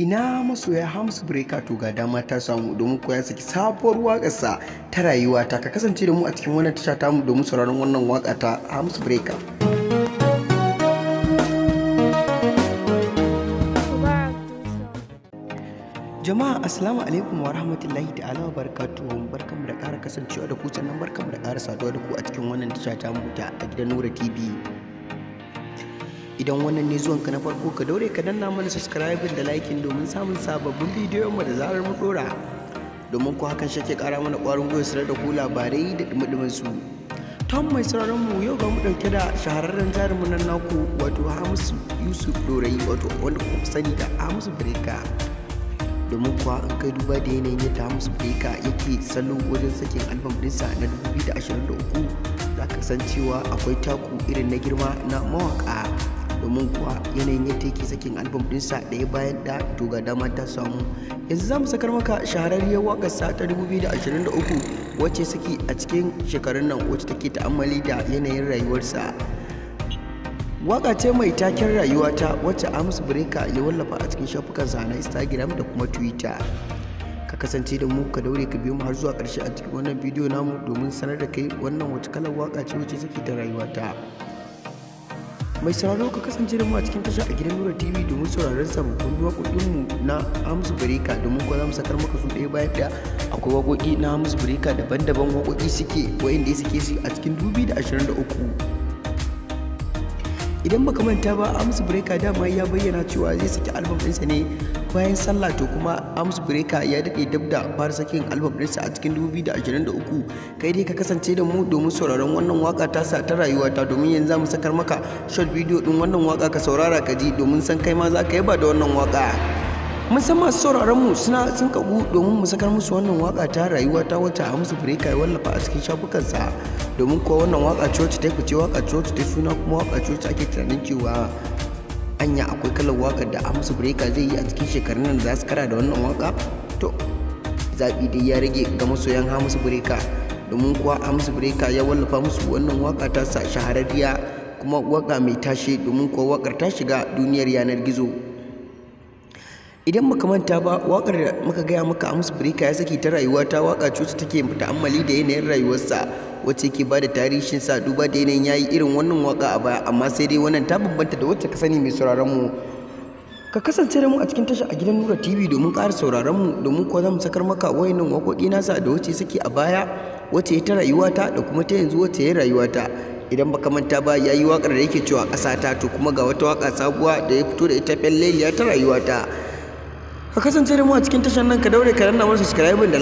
ina masoya hamsu breka to ga dama ta samu domin ko ya saki sabuwar waƙarsa ta rayuwa ta ka kasance da mu a cikin wannan tasha tamu domin sauraron wannan waƙa ta hamsu breka jama'a assalamu alaikum wa rahmatullahi ta'ala wa barakatuhu barkamu da ƙara kasancewa da ku sannan barkamu da ƙara saduwa da ku a cikin wannan tasha tamu ta a gidan nura tv idan wannan ne zuwanka na farko ka daure ka danna mana subscribing da liking domin samun sababbin bidiyon mu da zarar mu dora domin ku hakan shi ke kara mana kwarin gwiwa sanar da ku labarai da dumudumin su tom mai sauraron mu yau ga mu dauke da shahararren jarumin nan naku wato hamisu yusuf dorayi wato wanda ku sani da hamisu breka domin kuwa an kai duba da yanayin yadda hamisu breka yake salo wajen sakin albam dinsa na 2023 za ka san cewa akwai taku irin na girma na mawaka domin kuwa yanayin yadda yake sakin album dinsa ya bayan da to ga dama ta samu yanzu za mu sakar maka shahararriyar wakar sa ta 2023 wacce saki a cikin shekarun nan wacce take ta'ammali da yanayin rayuwarsa waka ce mai taken rayuwa ta wacce amus breka ya wallafa a cikin shafukan sa na instagram da kuma twitter ka kasance da mu ka daure ka biyo mu har zuwa karshe a cikin wannan bidiyo namu domin sanar da kai wannan wacce kalar waka ce wacce take ta rayuwata mai sauraro ka kasance da mu a cikin tasha a gidan nura tv domin sauraron sababbin mu na amsu bireka domin kuwa za mu sakar maka su ɗaya baya ɗaya akwai wakoki na amsu bireka daban-daban waƙoƙi suke wa'inda suke su a cikin 2023 idan baka manta ba amsu breaker dama ya bayyana cewa zai saki albam ɗinsa ne bayan sallah to kuma amsu breaker ya daɗe dab da fara sakin album ɗinsa a cikin 2023 kai dai ka kasance da mu domin sauraron wannan waka ta sa ta rayuwa ta domin yanzu mu sakar maka short video ɗin wannan waka ka saurara ka ji domin san kai ma za ka yaba da wannan waka. musamman sauraron mu suna sun kagu domin mu sakar musu wannan waka ta rayuwa ta wata a musu breaker wallafa a cikin shafukansa domin kuwa wannan waka ce wacce ta ce waka ce wacce ta suna kuma waka ce wacce ake tunanin cewa anya akwai kalar waka da a musu breaker zai yi a cikin shekarun nan za su kara da wannan waka to zaɓi dai ya rage ga masoyan ha musu breaker domin kuwa a musu breaker ya wallafa musu wannan waka ta sa shahararriya kuma waka mai tashe domin kuwa wakar ta shiga duniyar yanar gizo idan muka manta ba wakar da muka gaya maka a musu birika ya saki ta rayuwa ta waka cuta take ta'ammali da yanayin rayuwarsa wacce ke da tarihin sa duba da yanayin yayi irin wannan waka a baya amma sai dai wannan ta bambanta da wacce ka sani mai sauraron mu ka kasance da mu a cikin tasha a gidan Nura TV domin ƙara sauraron mu domin kuwa zamu sakar maka wayannan waƙoƙi nasa da wacce saki a baya wacce ta rayuwa ta da kuma ta yanzu wacce ya rayuwa ta idan baka manta ba yayi wakar da yake cewa ƙasa ta to kuma ga wata waka sabuwa da ya fito da ita felleliya ta rayuwa ta ka kasance da mu a cikin tashar nan ka daure ka danna subscribe da